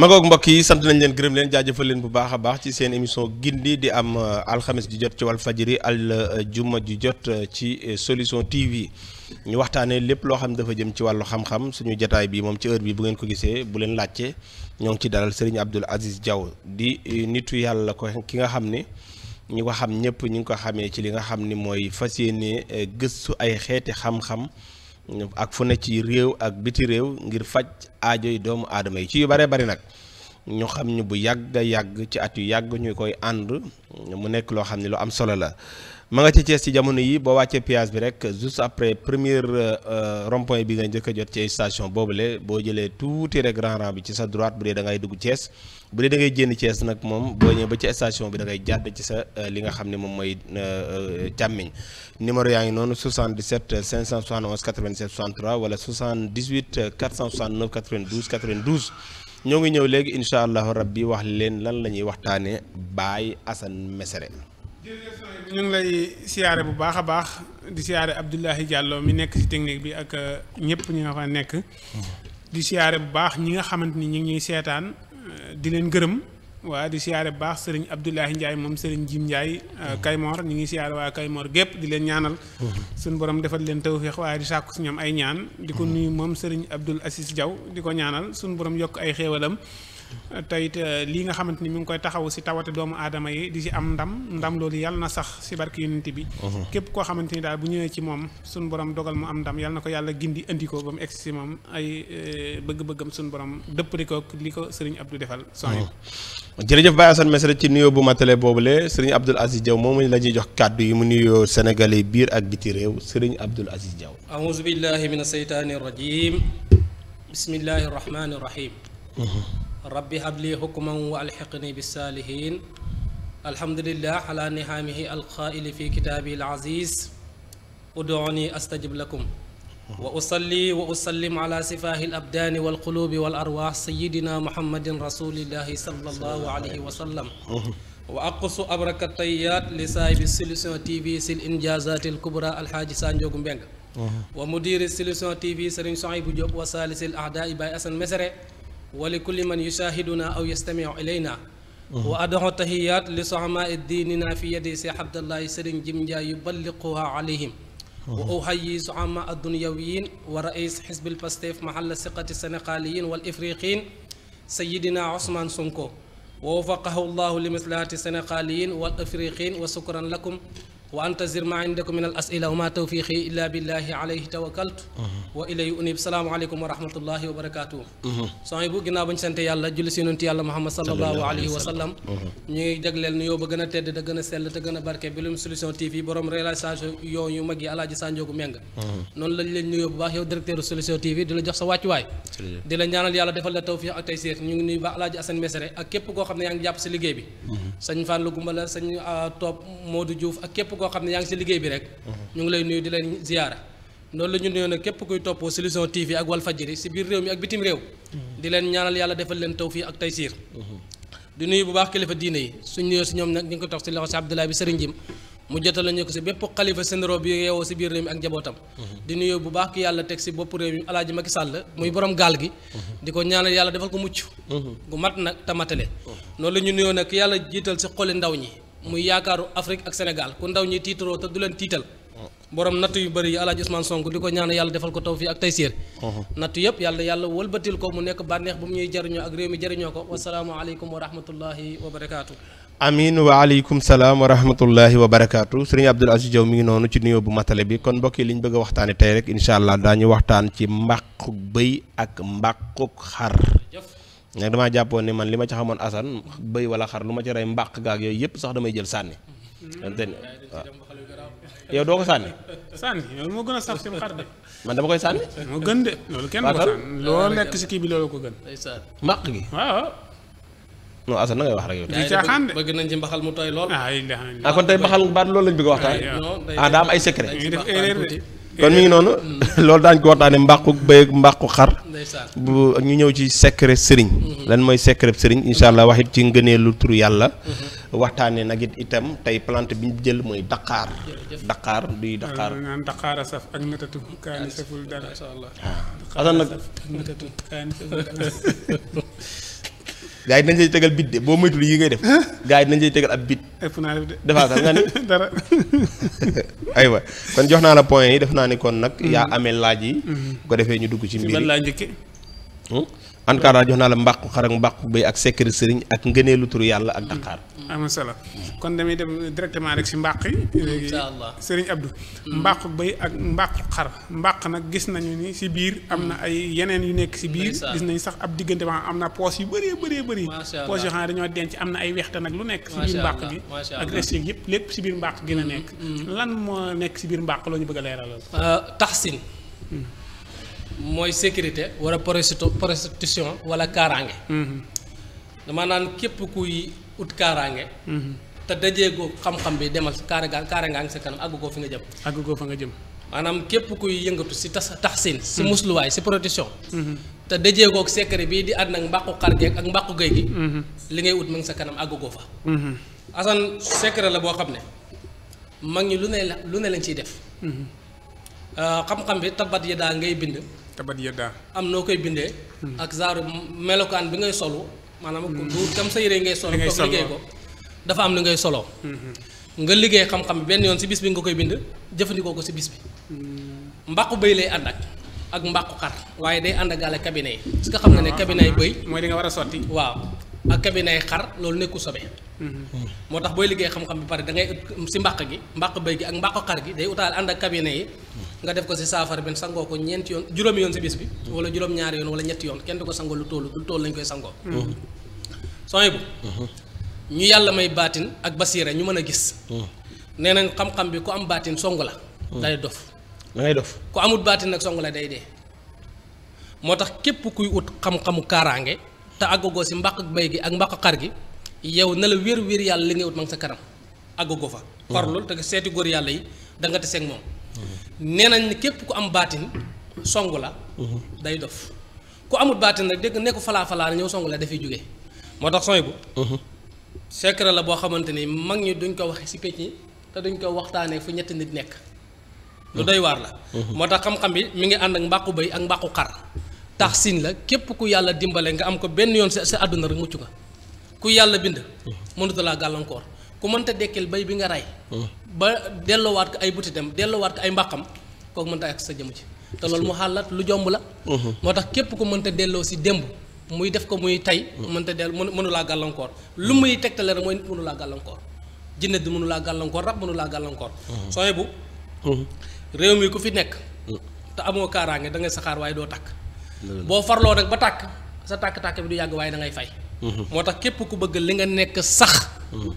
magoog mbokk yi sant nañ leen gërëm leen jaajafaleen bu baax a baax ci seen émission gindi di am euh, alxames ju jot ci wàllu fajiri al juma ju jot euh, ci euh, solution TV ñu waxtaanee lépp loo xam ne dafa jëm ci wàllu xam-xam suñu jataay bii moom ci heure bi bu ngeen ko gisee bu leen laajte ñoo ngi ci dalal Serigne Abdoul Aziz Diaw di nitu yàlla ko ki nga xam ne ñu ko xam ñëpp ñu ngi ko xamee ci li nga xam ni mooy fas yéene gëstu ay xeeti xam-xam. ak fu ne ci réew ak biti réew ngir faj aajo yi doomu aadama yi ci yu bare bari nag ñu xam ñu bu yàgg a yàgg ci at yu yàgg ñu koy ànd mu nekk loo xam ne lu am solo la ma nga ci Thiès ci jamono yi boo wàccee piage bi rek juste après première euh, rond bi nga njëkk a jot ci station boobule boo jëlee tuuti rek grand rang bi ci sa droite bu dee da dugg Thiès bu dee da ngay génn nag moom boo ñëwee ba ci station bi da jàdd ci sa euh, li nga xam ne moom mooy euh, euh, càmmiñ numéro yaa ngi noonu 77 571 87 63 wala 78 469 92 92 ñoo ngi ñëw léegi incha allahu rabbi wax leen lan la ñuy waxtaanee Baye Assane Mesere. jërëjëf ñu ngi lay siyaare bu baax a baax di siyaare Abdoulahi Diallo mi nekk ci technique bi ak ñëpp ñi nga fa nekk. Mm-hmm. di siyaare bu baax ñi nga xamante ni ñu ñuy seetaan. di leen gërëm waa di siyaare bu baax sëriñ Abdoulahi Ndiaye moom sëriñ Jim Ndiaye euh, Kaymoor ñu ngi siyaare waa Kaymoor gépp di leen ñaanal suñu borom defal leen tawféex waaye di sàkku si ñoom ay ñaan di ko nuyu moom sëriñ Abdoul Asis Diaw di ko ñaanal suñu borom yokk ay xéewalam teyit eh, lii nga xamante ni mi ngi koy taxaw si tawate doomu aadama yi di si am ndam ndam loolu yàlla na sax si barki yonent bi uh-huh. képp koo xamante ni daal bu ñëwee ci moom suñu borom dogal mu am ndam yàlla na ko yàlla gindi indi ko ba mu egg si moom ay eh, bëgg-bëggam suñu borom dëppali ko li ko sëriñ Abdou defal soñu uh-huh. jërëjëf Baye Assane Mesere ci nuyoo bu boobu boobule sëriñ Abdoul Aziz Diaw moomu la ñuy jox kàddu yi mu nuyoo sénégalais biir ak biti réew sëriñ Abdoul Aziz Diaw aouzu billahi mina seytaani rajim bismillahi rahmaani rahim uh-huh. rabbi habli hukman wa alxiqni bissaalihiin alhamdulillah ala nihaamihi alqaaili fi kitaabi alaziz uduuni astajib lakum wa usalli wa usallim ala sifaahi alabdaani walquluubi wal arwaax sayidina muhammadin rasulillahi sallallahu alayhi wa sallam wa aqusu abraka tayaat li saahibi solution tv sil injaazaati alkubra alxaaji Sanjoogu Mbeng wa mudiri solution tv sëriñ Sohaybu Jóob wa saalisil ahdaa i baay asan mesere wa li kulli man yusaahiduna aw yastamiu ilayna wa adoxo tahiyaat li soxamaa diinina fi yadi seex abdallahi sëriñ jim njaay yuballiquha alayhim wa uhayyi soxamaa addunyawiyin wa rais xisbil pastef mahalla siqati sénéqaliyin wal ifriqiin sayidina Ousmane Sonko wa wafaqahu llahu li maslahati sénéqaliyin wal ifriqiin wa sukran lakum wa antazir ma indakum min al asila wa ma tawfiqi illa billahi alayhi tawakkaltu mhm. wa ilay unib salaamualeykum wa rahmatullahi wa barakatuh mhm. sony bu ginnaaw bañ sante yàlla julli si nunti yàlla muhammad sallallahu alayhi mhm. a a a mag yi alaaji Sanjoogu Meng noonu lañ leen nuyoo bu baax yow directeur Solution TV di la jox sa wàccuwaay di la ñaanal yàlla defal la tawfiq ak taysiir ñu ngi nuyu ba alaaji Assane Mesere ak képp koo xam ne yaa ngi jàpp si liggéey bi sëñ Fallou Gumbala sëñ ah, Top koo xam ne yaa ngi si liggéey bi rek mhm. ñu ngi lay nuyu di leen ziyaara noonu la ñu képp kuy topp solution TV ak Walfadjri si biir réew mi ak bitim réew mhm. di leen ñaanal yàlla defal leen tawfiq ak taysiir mhm. di nuyu bu baax kilifa diine yi suñ nuyoo si ñoom nag ñu ngi ko tax si loxo si Abdoulaye bi Sëriñ Jim mu jotal ñu bu baax ki yàlla teg si bopp réew mi alaaji Macky Sall muy borom gaal gi di ko ñaanal yàlla defal ko mucc gu mat nag tamatale noonu la ñu nuyoo nag yàlla jiital si xoli ndaw ñi muy yaakaaru Afrique ak Sénégal ku ndaw ñi tiitaroo te du leen tiital borom natt yu bari yi alaaji Ousmane Sonko di ko ñaan yàlla defal ko taw fii ak taysiir natt yëpp yàlla yàlla wëlbatil ko mu nekk bànneex bu mu ñuy jariñoo ak réew mi jariñoo ko wasalaamualeykum wa rahmatullahi wa barakaatu amin waaleykum salaam wa rahmatullahi wa barakaatu sëriñ Abdoul Aziz Diaw mi ngi noonu ci nuyoo bu matale bi kon mbokk yi li ñu bëgg a waxtaane tey rek incha allah daañu waxtaan ci mbàquk bëy ak mbàquk xar nag damaa jàppoon ni man li ma ci xamoon asan bëy wala xar lu ma ci rey mbàq gaak yooyu yëpp sax damay jël sànni ante ni waaw yow doo ko sànni sànni loolu moo gën a saf ci man dama koy sànni moo gën de loolu lekk si kii bi loolu ko gën mbàq gi waaw non Assane na ngay wax rek yow. di caaxaan de bëgg nañ ci mbaxal mu tooy lool. ah, ah kon tey mbaxal baat loolu lañ bëgg a waxtaan. ah ay secret. kon mi ngi noonu mm. loolu daañ ko waxtaane mbaqu bëy mbaqu mbàqu xar bu ñu ñëw ci secret sëriñ mm-hmm. lan mooy secret sëriñ incha allah wax ci ci lu turu yàlla mm-hmm. waxtaane nag it itam tey plant bi ñu jël mooy daqaar daqaar duy daqaar naan daqaar a saf ak natatu kaani saful dara gaa yi dañ lay tegal bit de boo moytuwul yi ngay def gaa yi dinañ lay tegal ab bit. ëpp naa def de defaatal nga ni kon jox naa la point yi def naa ni kon nag. Mm-hmm. yaa amee laaj yi. Mm-hmm. bu ko defee ñu dugg ci mbir yi laa njëkkee. Hmm? en tout cas daal jox naa la mbàqu xar ak mbàqu béy ak sekkari sëriñ ak ngëneelu turu yàlla ak daqaar mm. am solo kon damay dem directement rek si mbàq yi incha allah sëriñ Abdou mm. mbàqu béy ak mbàqu xar mbàq nag gis nañu ni si biir am na ay yeneen yu nekk si biir gis nañu sax ab diggante ma am na poos yu bëree bëree bëri poos yoo xam ne dañoo denc am na ay wexte nag lu nekk si biir mbàq gi ak restes yëpp lépp si biir mbàq gi la mm. nekk lan moo nekk si biir mbàq loo ñu bëgg a mooy sécurité wala prostitution wala kaaraange mm-hmm. dama naan képp kuy ut kaaraange mm-hmm. te dajeegoo xam-xam bi demal kaara kaara ngaa ngi sa kanam àgg koo nga jëm àgg fa nga jëm maanaam képp kuy yëngatu si tas taxsin si mm-hmm. musluwaay si protection te dajeegoog secret bii di ànd nag mbàqu xar ak mbàqu géej gi li ngay ut ma ngi sa kanam àgg koo fa asan secret la boo xam ne mag ñi lu ne la lu ne lañ ciy def euh, xam-xam bi tabat yi daal ngay bind tabat yëddaa am noo koy bindee. Hmm. ak genre melokaan bi ngay solu. maanaam hmm. du tam sa yére ngay solo. toog liggéey ko dafa am na ngay soloo. Hmm. nga liggéey xam-xam benn yoon si bis bi nga koy bind jëfandikoo ko si bis bi. mbaqu bëy lay ànd ak ak mbaqu xar waaye day ànd ak cabinet yi. parce que xam nga ne ah, cabinet yi ah. bëy. mooy li nga war a sotti. waaw ak cabinet yi xar loolu nekku sobe. moo tax booy liggéey xam-xam bi pare dangay si mbaq gi mbaq bëy gi ak mbaqu xar gi day utaal ànd ak yi. nga def ko si saafara bi sangoo ko ñeenti yoon juróomi yoon si bis bi wala juróom-ñaari yoon wala ñetti yoon kenn du ko sangoo lu toll lu toll lañ koy sangoo mm-hmm. sooy bu mm-hmm. ñu yàlla may baatin ak basiira ñu mën a gis mm-hmm. nee nañ xam-xam bi ku am baatin song la day dof da dof ku amul baatin nag song la day dee moo tax képp kuy ut xam-xamu kaaraange te àggagoo si mbaq mbay gi ak mbaq xar gi yow na la wér wér yàlla li ngay ut ma sa kanam àggagoo fa farlul te seeti góor yàlla yi da nga te seeg moom nee nañ képp ku am baatin song la day dof ku amul baatin rek dégg nekku falaa falaa ñëw song la dafay jóge moo tax sooy bu secret la boo xamante ni mag ñi duñ ko waxe si pécc ñi te duñ ko waxtaanee fu ñett nit nekk lu doy waar la moo tax xam-xam bi mi ngi ànd ak mbàqu béy ak mbàqu xar tax siin la képp ku yàlla dimbale nga am ko benn yoon sa sa àdduna rek mucc nga ku yàlla bind mënuta laa gàllankoor ku mënta dekkil bay bi nga rey ba delloowaat ko ay butitam delloowaat ko ay mbaqam kooku mënta ak sa jëmu ci te loolu mu xàllat lu jomb la mhm. moo tax képp ku mënta delloo si démb muy def ko muy tey mhm. mënta dell mënulaa gàllankoor lu mhm. muy tegtale rek mooy nit mënulaa gàllankoor jinne di mënulaa gàllankoor rab mënulaa gàllankoor sooy bu réew mi ku fi nekk te amoo kaaraange da saxaar waaye doo takk boo farloo nag ba tàkk sa tàkk-tàkk bi du yàgg waaye da ngay fay moo tax képp ku bëgg li nga nekk sax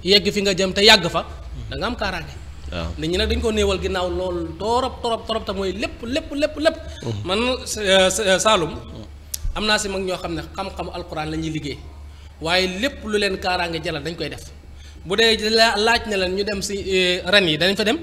yegg fi nga jëm te yàgg fa da am kaaraange waaw nit ñi nag dañ ko néewal ginnaaw loolu torop torop torop te mooy lépp lépp lépp lépp. Mm-hmm. man euh, Saalum. am naa si mag ñoo xam ne xam-xamu alxuraan la ñuy liggéey waaye lépp lu leen kaaraange jalal dañ koy def euh, bu dee laaj na leen ñu dem si ren yi dañ fa dem.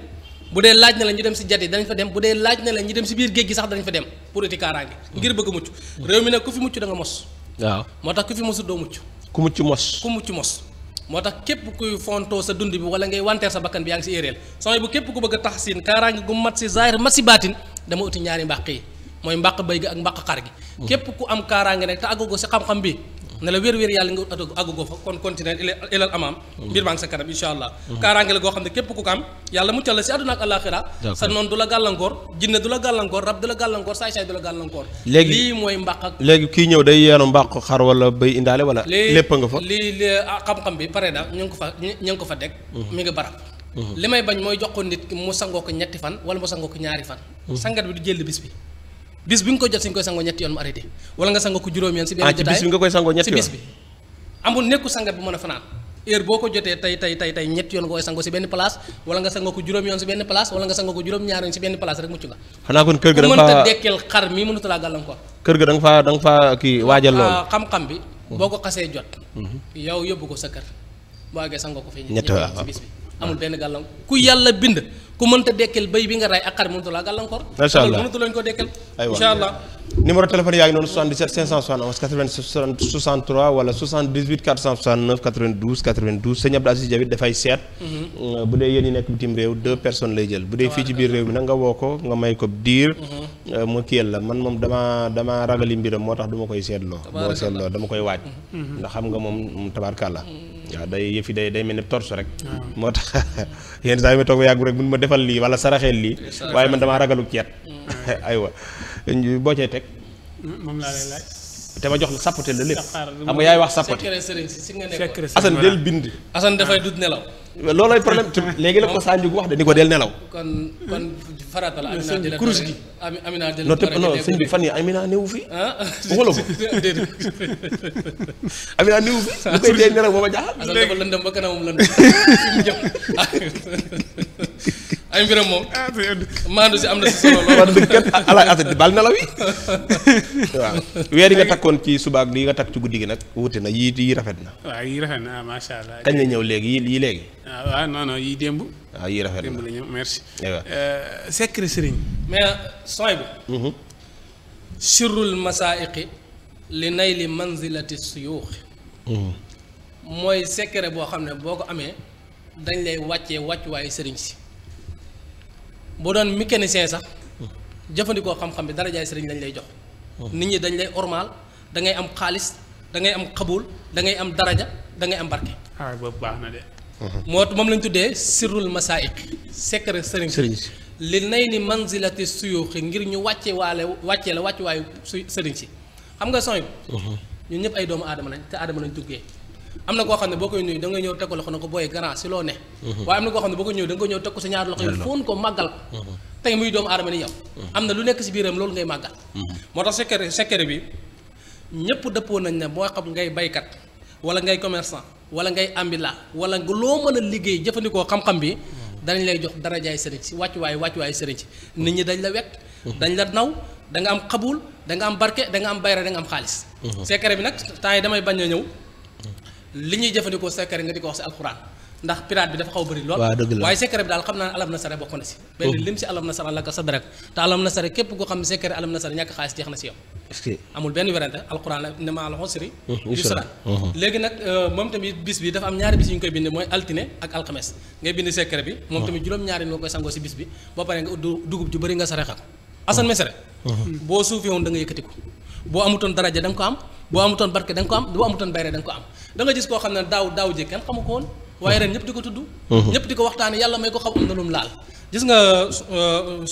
bu dee laaj na la ñu dem si jat yi dañ fa dem bu dee laaj na la ñu dem si biir géej gi sax dañ fa dem pour uti kaaraange mm-hmm. ngir bëgg mucc réew mi nag ku fi mucc da nga mos waaw moo tax ku fi mosut doo mucc ku mucc mos ku mucc mos moo tax képp kuy fontoo sa dund bi wala ngay wanteer sa bakkan bi yaa ngi si éréel sooy bu képp ku bëgg a taxsin kaaraange gu mat si zaahir mat si baatin dama uti ñaari mbàq yi mooy mbàq béy gi ak mbàq xar gi mm. képp ku am kaaraange nag te àggago si xam-xam bi ne la wér-wér yàlla nga at àggugoo fa kon continuer ilal amaam mm-hmm. mbir maa ngi sa kanam insha allah mm-hmm. Mm-hmm. kaaraange la goo xam ne képp ku ko am yàlla muccal la si àdduna ak àllaaxira sa noonu du la gàllankoor jinne du la gàllankoor rab du la gàllankoor saay-saay du la gàllankoor léegi lii mooy mbàq ak léegi kii ñëw day yeenu mbaq xar wala bay indaale wala lépp nga fa lii ah, xam-xam bi pare da ñu ngi ko fa ñu ngi ko fa teg mi ngi barab li may bañ mooy jox ko nit mu sangoo ko ñetti wala mu sangoo ko ñaari fan sangat bi bis bi bis bi nga koy jot si nga koy sangoo ñetti yoon mu arrêté wala nga sangoo ko juróom yoon si benn ah, jotaay bis bi nga koy sangoo ñetti yoon si bis bi a fanaan boo ko jotee tey tey tey tey ñetti yoon nga sangoo ko juróom yoon si benn place wala nga sangoo ko juróom ñaar yoon si benn place rek mucc nga ah, ah, xam-xam bi mm-hmm. boo ko xasee jot mm-hmm. yow yóbbu ko sa kër boo àggee sangoo ko fi ñetti yoon si bis bi amul benn gàllankoor ku yàlla bind ku mënta dekkil béy bi nga ray ak xar mënatu laa ko dekkil. aywa incha allah. numéro téléphone yaa ngi noonu 77 571 83 wala 78 469 92 92 sëñ Abdou mhm. euh, nekk bitim réew deux personnes jël. bu dee fii ci biir réew nga woo ko nga may ko diir. Mhm. Euh, mu kiyal la man moom damaa damaa ragali mbiram moo tax du ma koy seetloo. boo seetloo dama koy waaj. Mhm. ndax xam nga moom tabaarkàlla waaw day yëfi day day mel ne torse rek moo tax yenn saa yi ma toog ba rek mun ma defal lii wala saraxeel lii waaye man damaa ragalu ceet aywa boo cee teg hmm, moom laa lay laaj te ma jox la sàppate la lépp xam nga yaay wax sàppate secret sëriñ si si nga del bind Assane dafay ah. dut nelaw loolooy problème te léegi la ko Sadio wax de ni ko del nelaw. kon kon farata la. Amina jëlee kurus gi Amina te non sëñ bi fan yi Amina newu fi. Ah. waxula ko Amina newu fi. lu koy dee ah, si am na si ah, bal nelaw yi weer yi nga ci subaak li nga takk ci guddi gi nag wuute na yii yii rafet na waaw rafet na ah macha allah kañ la ñëw léegi yii yii léegi ah waaw ah, non non yii démb. waaw ah, yii rafet na démb la ñu merci. Euh, secret sëriñ. mais sooy bi. Mm-hmm. sirrul masaa'iqi li nayli manzilati suyuux. Mm-hmm. mooy secret boo xam ne boo ko amee dañ lay wàccee wàccuwaayu sëriñ si boo doon mécanicien sax mm-hmm. jëfandikoo xam-xam bi darajaay sëriñ lañ lay jox. nit ñi dañ lay ormaal da ngay am xaalis dangay am xabul da ngay am daraja da ngay am barke. Ah, baax na de. moo moom lañ tuddee sirrul masaïq secret sëriñ sëriñ si li nay ni manzilati suyuuxi ngir ñu wàcce waale wàcce la wàcce waayu su sëriñ si xam nga sony uh-huh. ñun ñëpp ay doomu aadama lañ te aadama lañ tuggee am na koo xam ne boo koy nuyu da nga ñëw teg ko loxo na ko booy grand si loo ne uh-huh. waaye am xam ne boo koy ñëw da nga ñëw teg ko sa ñaari loxo yi foon ko màggal ko uh-huh. tey muy doomu aadama ni yow am na lu nekk si biiram loolu ngay màggal moo tax secret secret bi ñëpp dëppoo nañ ne boo xam ngay baykat wala ngay commerçant wala ngay ambila wala nga loo mën a liggéey jëfandikoo xam-xam bi danañ lay jox darajaay sëriñ si wàccuwaay wàccuwaay sëriñ si nit ñi dañ la wekk dañ la naw da nga am xabul da nga am barke da nga am bayra da nga am xaalis mhm. secret bi nag temps yi damay bañ a ñëw li ñuy jëfandikoo secret nga di ko wax si alxuraan ndax pirate bi dafa xaw bëri lool waaye secret bi daal xam naa alam nasara bokk na si benn oh. lim si alam nasara la ko sa dara te alam nasara na si yow amul benn werante alquran la ne ma al usri yusra léegi nag euh, moom tamit bis bi dafa am ñaari bis yu ñu koy bind mooy altine ak alxames ngay bind secret bi moom tamit juróom-ñaari noo koy sangoo si bis bi boo paree nga dugub ju bëri nga saraxe ko asan mesere boo suufee woon danga nga yëkkati ko boo amutoon daraja danga ko am boo amutoon barke da ko am boo amutoon bayre da nga ko am da nga gis koo xam ne daaw daaw ji kenn xamu ko woon waaye ren di ko tudd ñëpp di ko waxtaane yàlla may ko xam am na euh,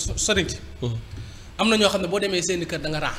euh, na ñoo xam ne boo demee seeni kër da nga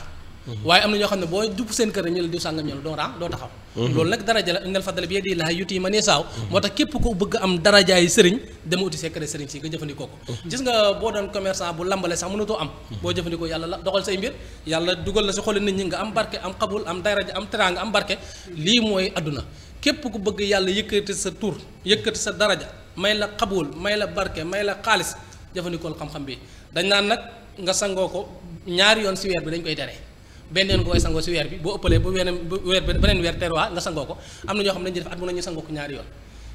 Mm-hmm. waaye am na ñoo xam ne boo jub seen kër ñu la diw sàngam ñu la doo raam doo taxaw mm-hmm. loolu nag daraja la innal fadla bi yadillaahi yu'tiihi man yashaa mm-hmm. moo tax képp ko bëgg am darajaay sëriñ dama uti secret sëriñ si nga jëfandikoo ko gis nga boo doon commerçant bu lambale sax mënatoo am boo jëfandikoo yàlla la doxal say mbir yàlla dugal la si xolu nit ñi nga am barke am xabul am daraja am teraanga am barke lii mooy àdduna képp ku bëgg yàlla yëkkati sa tur yëkkati sa daraja may la xabul may la barke may la xaalis jëfandikool xam bi dañ naan nag nga sangoo ko ñaari yoon si weer bi dañ koy tere benn yoon nga koy sangoo si weer bi boo ëppalee ba weneen ba weer beneen weer teeruwaa nga sangoo ko am na ñoo xam ne dañuy def at mu ne ñu sangoo ko ñaari yoon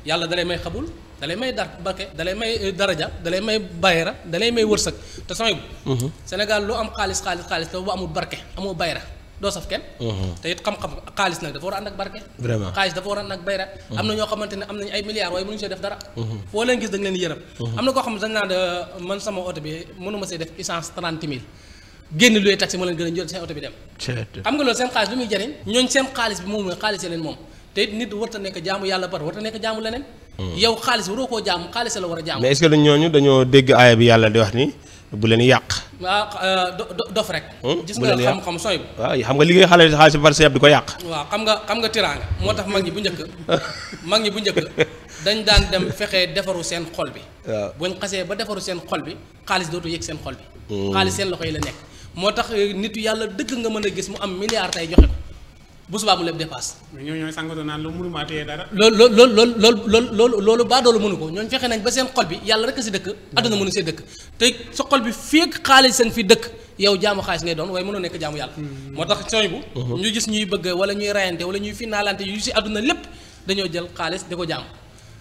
yàlla dalay may xabul dalay may dar barke dalay may euh, daraja dalay may bayra dafa war a ànd ak barke vraiment xaalis dafa war bayra mhm. am na ñoo xamante ne am nañu ay milliards waaye mënuñu see def dara mhm. foo leen gis dañ leen yërëm mhm. am na koo xam ne dañ naan euh, man sama oto bi mënuma see def essence trente mille génn luy taxi moo leen gën a jël seen oto bi dem xam nga loolu seen xaalis lu muy jariñ ñooñ seen xaalis bi moom mooy xaalis leen moom te it nit warta nekk jaamu yàlla bar warta nekk jaamu leneen hmm. yow xaalis waroo koo jaamu xaalis la war a jaamu mais est-ce que ñooñu dégg aaya bi yàlla di wax ni bu leen yàq waaw ah, euh, dof rek hmm? gis nga xam-xam sooy bu waaw xam nga liggéey xale xaalis bi far sa yàpp di ko yàq waa xam nga xam nga tiraanga moo tax mag ñi bu njëkk mag ñi bu njëkk dañ daan dem fexee defaru seen xol bi waaw buñ xasee ba defaru seen xol bi xaalis dootu yëg seen xol bi hmm. xaalis seen loxo yi la nekk moo tax euh, nit yàlla dëkk nga mën a gis mu am milliard tey joxe ko bu subaa mu leb dépasse. ñoo ñooy sàngatu naan lu mënuma téye dara. loolu loolu loolu loolu loolu loolu baa doolu mënu ko ñooñ fexe nañ ba seen xol bi yàlla rek a si dëkk. àdduna mënu see dëkk te sa xol bi feeg xaalis seen fi dëkk. yow jaamu xaalis ngay doon waaye mënoo nekk jaamu yàlla. Hmm. moo tax sooy bu. Uh-huh. ñu gis ñuy bëgg wala ñuy rayante wala ñuy finaalante yu si àdduna lépp dañoo jël xaalis di ko jaamu.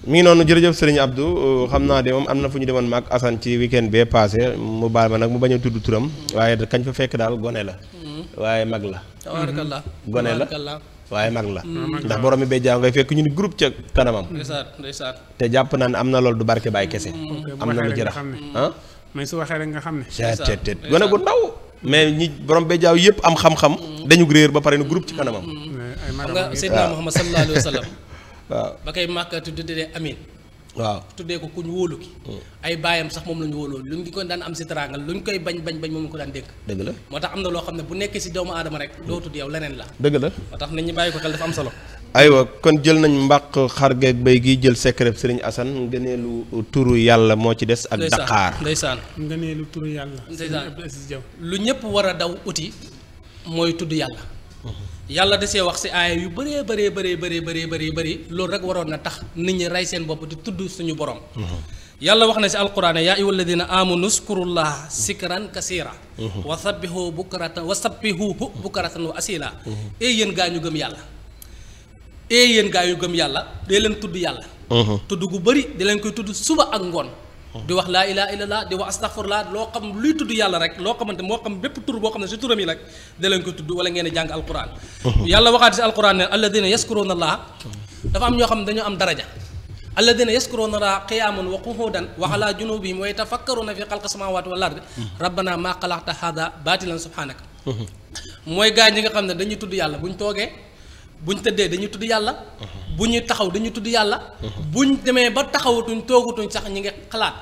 mi ngi noonu jërëjëf sëriñ Abdou euh, xam naa de am na fu ñu demoon mag Assane ci weekend bee passé mu baal ma nag mu bañ a tudd turam waaye kañ fa fekk daal gone la hmm. waaye mag la tabaarakallah hmm. gone la waaye mag la hmm. ndax borom mi béjjaaw ngay fekk ñu ni groupe ca kanamam te jàpp naa ne am na loolu du barke baay kese am na lu ci rax ah mais su waxee rek nga xam ne tet tet gone gu ndaw mais ñi borom béjjaaw yëpp am xam-xam dañu réer ba pare ni groupe ci kanamam xam nga waaw ba koy màkk tuddee amin waaw tuddee ko kuñ wóolu ki hmm. ay baayam sax moom la ñu wóoloo lu ñu ko daan am si teraanga lu ñu koy bañ bañ bañ moom ko daan dégg dëgg la moo tax am na xam ne bu nekkee si doomu aadama rek hmm. doo tudd yow leneen la dëgg la moo tax nit ñi bàyyi ko xel dafa am solo aywa kon jël nañ mbàq xar geeg bay gi jël secret Serigne Assane ngëneelu turu yàlla moo ci des ak Dakar ndeysaan ngëneelu turu yàlla ndeysaan lu ñëpp war a daw uti mooy tudd yàlla hmm. yàlla dasee wax si aaya yu bëree bëree bëree bëree bëree bëri bëri loolu rek waroon na tax nit ñi rey seen bopp di tudd suñu borom mhm. yàlla wax na si alquran yaa ayyuha alladina amanu uskurullaha sikran kasira mhm. wa sabbihu bukratan wa sabbihuhu bukratan wa asila mhm. ee yéen gaa ñu gëm yàlla ee yéen gaa ñu gëm yàlla dee leen tudd yàlla tudd gu bëri di leen koy tudd suba ak ngoon di wax laa ilaha illallah di wax astaghfirullah loo xam luy tudd yàlla rek loo xamante moo xam bépp tur boo xam ne si turam yi rek da leen ko tudd wala ngeen di jàng alquran yàlla waxaat si alquran ne alladina yaskuruna allah dafa am ñoo xam ne dañoo am daraja alladina yaskuruna allah qiyaman wa qu'udan wa ala junubihim wa yatafakkaruna fi xalqi samawati wal ardi rabbana ma xalaqta hada baatilan subhanaka mooy gaa ñi nga xam ne dañuy tudd yàlla bu ñu toogee bu ñu tëddee dañuy tudd yàlla uh-huh. bu ñuy taxaw dañuy tudd yàlla uh-huh. bu ñu demee ba taxawatuñ toogatuñ sax ñi ngi xalaat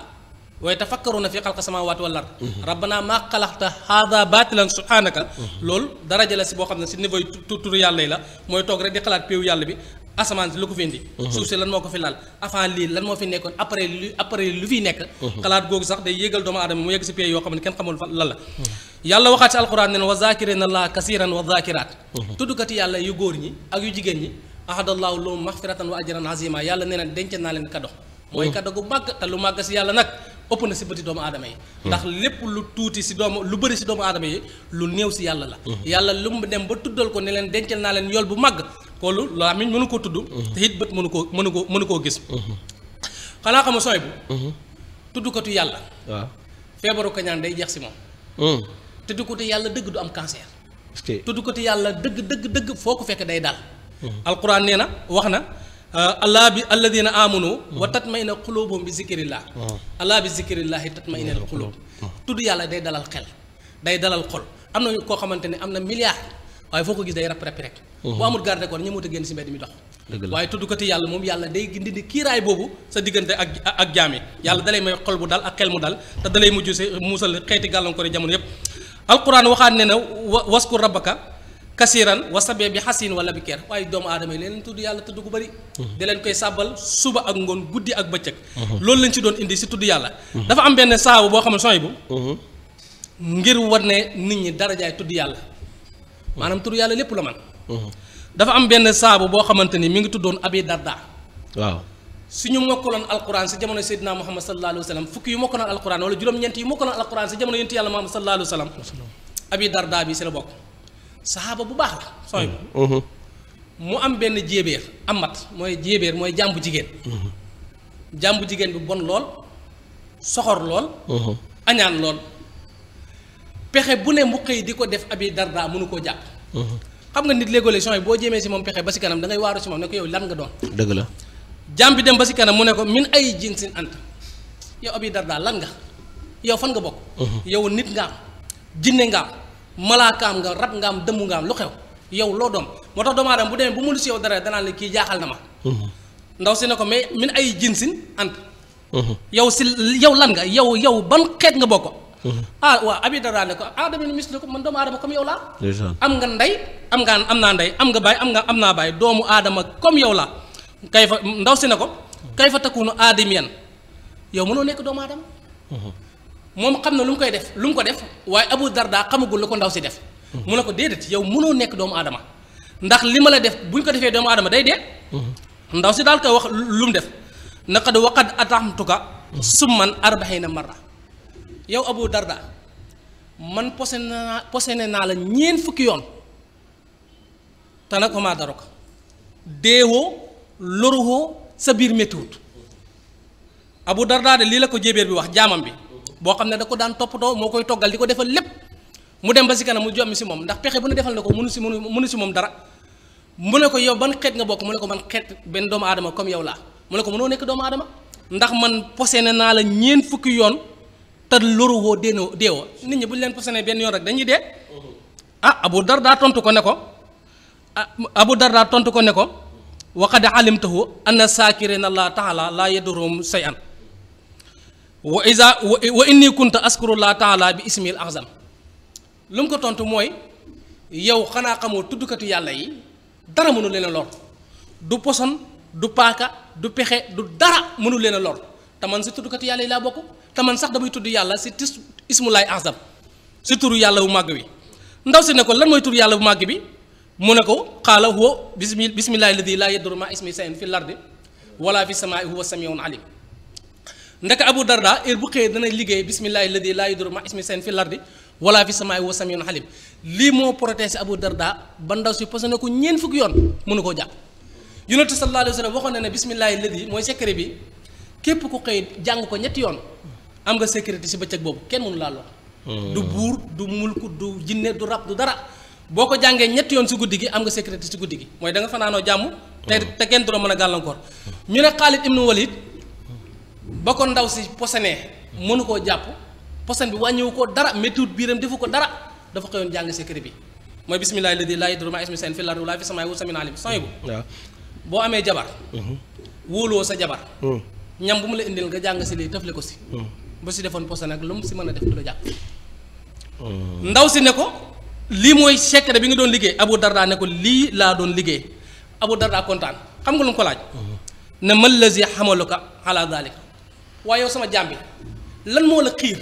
waaye tafakkaruna fi xalqa samawati wal ard uh-huh. rabbana maa xalaxta haada baatilan subhanaka loolu daraja la si boo xam ne si niveau tur yàlla yi la mooy toog rek di xalaat péew yàlla bi asamaan si lu ko fi indi suuf si lan moo ko fi laal avant lii lan moo fi nekkoon après lu après lu fiy nekk xalaat googu sax day yéegal doomu aadama mu yegg si péew yoo xam ne kenn xamul lan la yàlla waxaat ci alquran ne wa zakirina allah kasiran wa zakirat mhm. tuddkat yàlla yu góor ñi ak yu jigéen ñi ahadallahu lahum maxfiratan wa ajran azima yàlla ne na denc naa leen kado mhm. mooy kado gu màgg te lu màgg si yàlla nag ëpp na si bëti doomu aadama mhm. ndax lépp lu tuuti si doomu lu bëri si doomu aadama yi lu néew si yàlla la yàlla lu mu dem ba tuddal ko ne leen dencal naa leen yool bu màgg koolu làmmiñ mënu koo tudd te it bët mënu koo mënu koo mënu koo gis xanaa xam nga sooy bu tuddkatu yàlla waaw feebaru kañaan day jeex si moom mm. te ko côté yàlla dëgg du am cancer. te du côté yàlla dëgg dëgg foo ko fekk day daal. Mhm. alquran nee na wax na. Euh, allah bi alladina amanu wa mhm. tatmaina qulubuhum bi zikrillah mhm. allah bi zikrillahi tatmaina al qulub tudd yàlla day dalal xel day dalal xol am na koo xamante ni am na milliard waaye foo ko gis day rap rap rek bu amul garde corps ñëmut a génn si mbedd mi dox waaye tudd ko ti yàlla moom yàlla day gindi di kiiraay boobu sa diggante ak ak jaam yàlla dalay may xol bu dal ak xel mu dal te dalay mujj si muusal xeeti gàllankoor jamono yépp alquran waxaat ne na waskur rabbaka wa wasabee bi xasin wala bi keer waaye doomu aadama yi leen tudd yàlla tudd gu bari mhm. da leen koy sàbbal suba ak ngoon guddi ak bëccëg mhm. loolu lañ ci doon indi si tudd yàlla mhm. dafa am benn saabu boo xam ne sooy bu ngir war ne nit ñi darajaay tudd yàlla maanaam tudd lépp la man dafa am benn saabu boo xamante ni mi ngi tuddoon abi darda waaw suñu mokkaloon alquran si jamono seydina muhammad sallallahu alayhi wa sallam fukki yu mokkaloon alquran wala juróom-ñeent yu mokkaloon alquran si jamono yonent yàlla muhammad sallallahu alayhi wa sallam abi darda bi si la bokk saxaaba bu baax la sooy mm-hmm. Mm-hmm. mu am benn jéebéer amat mooy jéebéer mooy jàmbu jigéen mm-hmm. jàmbu jigéen bi bon lool soxor lool añaan lool pexe bu ne mu xëy di ko def abi darda mënu koo jàpp xam nga nit léegole yi boo jéemee si moom pexe ba si kanam da ngay waaru si moom ne ko yow lan nga doon dëgg la jaam bi dem ba si kanam mu ne ko min ay jinsin ant yow abi darda lan nga yow fan nga bokk mhm. yow nit nga am jinne nga am malaakaam nga rab nga am dëmm nga lu xew yow loo doom moo tax doomu aadama bu demee bu mu lu si yow dara danaa la jaaxal na ma mhm. ndaw si ko mais min ay jinsin ant mhm. yow lan nga yow yow ban xeet nga bokk ah waaw abi darda ne ko aadama ah, ni mis ne ko man comme yow laa am nga am nga am naa ndey am nga baay am nga am naa baay doomu aadama comme yow laa kay fa ndaw si ne ko kay fa takkuunu aadamiyan yow mënoo nekk doomu aadama mhm. moom xam na lu mu koy def lu mu ko def waaye Abu Darda xamagul la ko ndaw si def mhm. mu ne ko déedéet yow mënoo nekk doomu aadama ndax li ma la def buñ ko defee doomu aadama day dee mhm. ndaw si daal ko wax lu mu def naqad waqad atamtuka summan arbaxiina marra yow Abu Darda man posé naa posé naa la ñeent fukki yoon te nag ko maa daro ko deewoo loruwoo sa biir méttiwut abu darda de lii la ko jébéer bi wax jaamam bi boo xam ne da ko daan toppatoo moo koy toggal di ko defal lépp mu dem ba si kanam mu jommi si moom ndax pexe bu ne defal ne ko mënu si mënu mënu si moom dara mu ne ko yow ban xeet nga bokk mu ne ko man xeet benn doomu adama comme yow laa mu ne ko mënoo nekk doomu aadama ndax man posene naa la ñeen fukki yoon te loru woo déenoo deewoo nit ñi bu ñu leen posene benn yoon rek dañuy dee ah abu darda ko ne ko ah, abu darda tontu ko ne ko waqad alimtahu anna saakirina allah taala laa yadurum say an wa isa wa inni kunta askurullah taala bi ismil azam lu mu ko tontu mooy yow xanaa xamoo tuddkatu yàlla yi dara mënu leen a lor du poson du paaka du pexe du dara mënul leen a lor te man si tuddkatu yàlla yi laa bokk te man sax damay tudd yàlla si tis ismulaay azam si turu yàlla bu màgg bi ndaw si ne ko lan mooy tur yàlla bu màgg bi mu ne ko xaala huwa bismi bismillahi alladi laa yadurru ma ismi sayin fi lardi wala fi samaai huwa samiun alim ndaka abu darda heure bu xëyee dana liggéey bismillahi alladi laa yadurru ma ismi sayin fi lardi wala fi samaai huwa samiun alim lii moo protesté abu darda ba ndaw si posé na ko ñeent fukki yoon mënu koo jàpp yonente sallallahu alayhi wa sallam waxoon na ne bismillahi alladi mooy secret bi képp ku xëy jàng ko ñetti yoon am nga sécurité si bëccëg boobu kenn mënu laa lool hmm. du buur du mulk dara boo ko jàngee ñetti yoon si guddi gi am nga sécurité si guddi gi mooy da nga fanaanoo jàmm te mm-hmm. te kenn du la mën a gàllankoor ñu ne Xaalid ibnu Walid ba ko ndaw si posenee mënu koo jàpp posen bi wàññiwu ko dara méttiwut biiram defu ko dara dafa xëyoon jàng secret bi mooy bismillahi ladi laa yadurru ma'a ismihi shay'un fil ardi wa laa fis samaa'i wa sa samii'un aliim bu boo amee jabar mm-hmm. wóoloo sa jabar mm. ñam bu mu la indil nga jàng si lii tëfle ko si mm. ba si defoon posen ak lu mu si a def la jàpp mm. ndaw si ne ko lii mooy secret bi nga doon liggéey Abu Darda ne ko lii laa doon liggéey Abu Darda kontaan xam nga lu mu ko laaj. Mhm. ne man lazi xamaluka ala dalika waaye yow sama jaam bi lan moo la xiir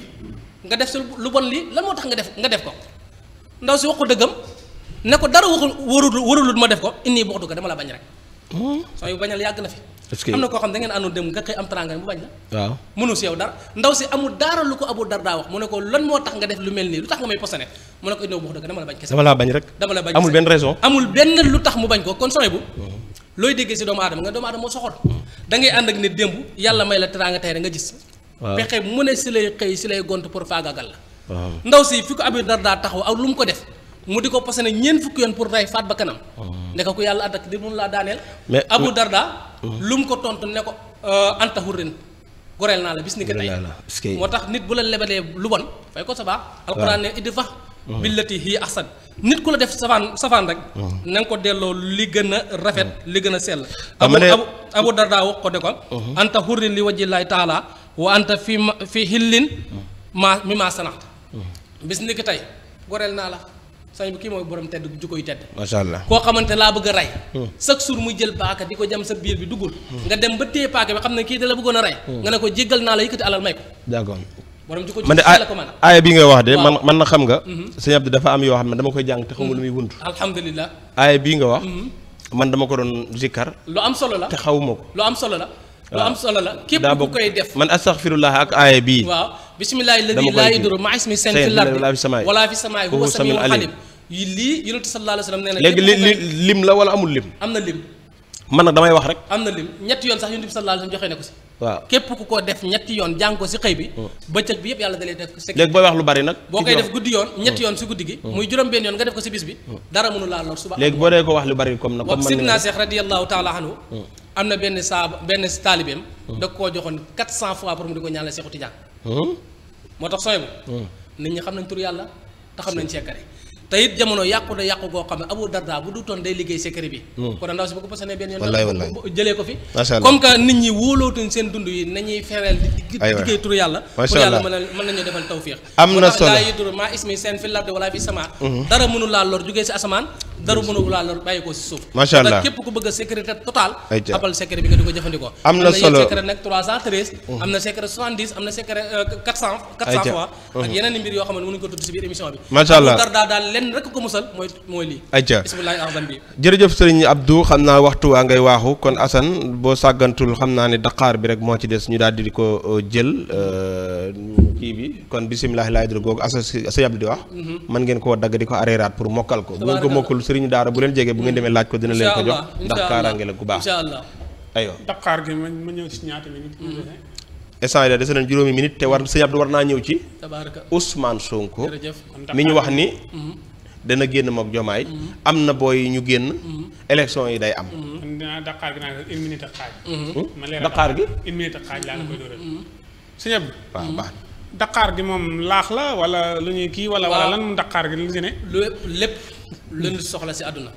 nga def si lu bon li lan moo tax nga def nga def ko ndaw si wax ko dëggam ne ko dara waxul warul warulul ma def ko inni bokk dugg dama la bañ rek. Mhm. soo yu bañal yàgg na fi. am na koo xam da ngeen àndoon dem nga koy am teraanga bu bañ la waaw mënu si dara ndaw si amul dara lu ko Abu Darda wax mu ne ko lan moo tax nga def lu mel nii lu tax nga may posone mu ne ko innoo bu dëgg dama la bañ ko kon sone bu hmm. looy déggee si doomu aadama nga doomu aadama moo soxor hmm. da ngay ànd ak nit démb yàlla may la teraanga tey nga gis pexe mu ne si lay xëy si lay gont pour faagagal la ndaw si fi ko Abu Darda taxaw ak lu mu ko def mu di ko posé ne ñeent fukki yoon pour rey faat ba kanam. Oh. ndeka ku yàlla ànd ak di mun laa daaneel. Abu Darda. Oh. lu ko tontu ne ko euh, Anta Hurrin goreel naa la bis ni ko tey moo tax nit bu la lebalee lu bon fay ko sa baax. waaw alxuraan ne oh. nit ku la def safaan safaan rek. na ko delloo li gën a rafet li gën a sell. Ah, abu Abu Darda wax ko ne ko. Anta Hurrin li wajjillaahi taalaa wa anta fi ma fi xillin. ma mi maa sanaxta bis ni goreel naa la. sëñ bi kii mooy borom tedd jukkoy tedd macha allah koo xamante laa bëgg a rey hmm. chaque jour muy jël paaka di ko jam sa biir bi duggul hmm. nga dem ba paaka bi xam ne kii da bëggoon a rey hmm. nga ne ko jéggal naa la yëkkati alal may ko borom jukko man de aaya bi man man na am yoo xam ne dama koy jàng aaya bii nga wax man dama ko doon zikkar lu am solo la te xawuma ko lu am solo la lu solo la képp ku koy man astaghfirullah ak aaya bii waaw bismillahi alladi laa ma ismi fi lardi wala fi samaay huwa samiul alim lii yonent sallallahu alayhi wa sallam nee na léegi li li lim la wala amul lim am na lim man nag damay wax rek am na lim ñetti yoon sax yonent bi sallallahu alayhi wa sallam joxee ne ko si waaw képp ku ko def ñetti yoon jàng ko si xëy bi oh. bëccëg bi yëpp yàlla dalee def ko si léegi booy wax lu bari nag boo koy def guddi yoon oh. ñetti yoon si guddi gi oh. muy juróom-benn yoon nga def ko si bis bi dara mënu laa lor suba am na benn saaba benn taalibeem da koo joxoon 400 fois pour mu di ko ñaanal Cheikhu Tidiane moo tax sooy bu ñi xam nañ tur yàlla te xam nañ sekkare te it jamono yàqu na yàqu goo xam ne Abu Darda bu dutoon day liggéey secret bi hmm. kon ndaw si bu ko pasanee benn yoon wallaay si asamaan hmm. ko si suuf bi nga di si biir émission bi macha allah lenn rek ko musal mooy mooy lii ayca bismillaahi ahsan bi jërëjëf sëriñ Abdou xam naa waxtu waa ngay waaxu kon Assane boo sàggantul xam naa ne daqaar bi rek moo ci des ñu daal di ko euh, jël euh, kii bi kon bismillaahi laay dul googu Assane sëriñ Abdou di wax man mhm. ngeen koo dagg di ko areeraat pour mokkal ko bu ngeen ko mokkul sëriñu daara bu leen jegee bu ngeen demee laaj ko dina leen ko jox ndax kaaraange la gu baax ayo daqaar gi ma ñëw ci ñaata minute essence mhm. la dese nañ juróomi minute te war sëñ Abdou war naa ñëw ci Ousmane Sonko mi ñu wax ni mhm. dana génn mook jomaay am na booy ñu génn mm-hmm. élection yi day am mm-hmm. daqaar gi naan une minute xaaj mm-hmm. ma leeral daqaar gi une xaaj laa la koy dóoral sëñ Abdou waaw baax daqaar gi moom laax la wala lu ñuy kii wala wala lan mu daqaar gi lu ci ne lépp lu soxla si àdduna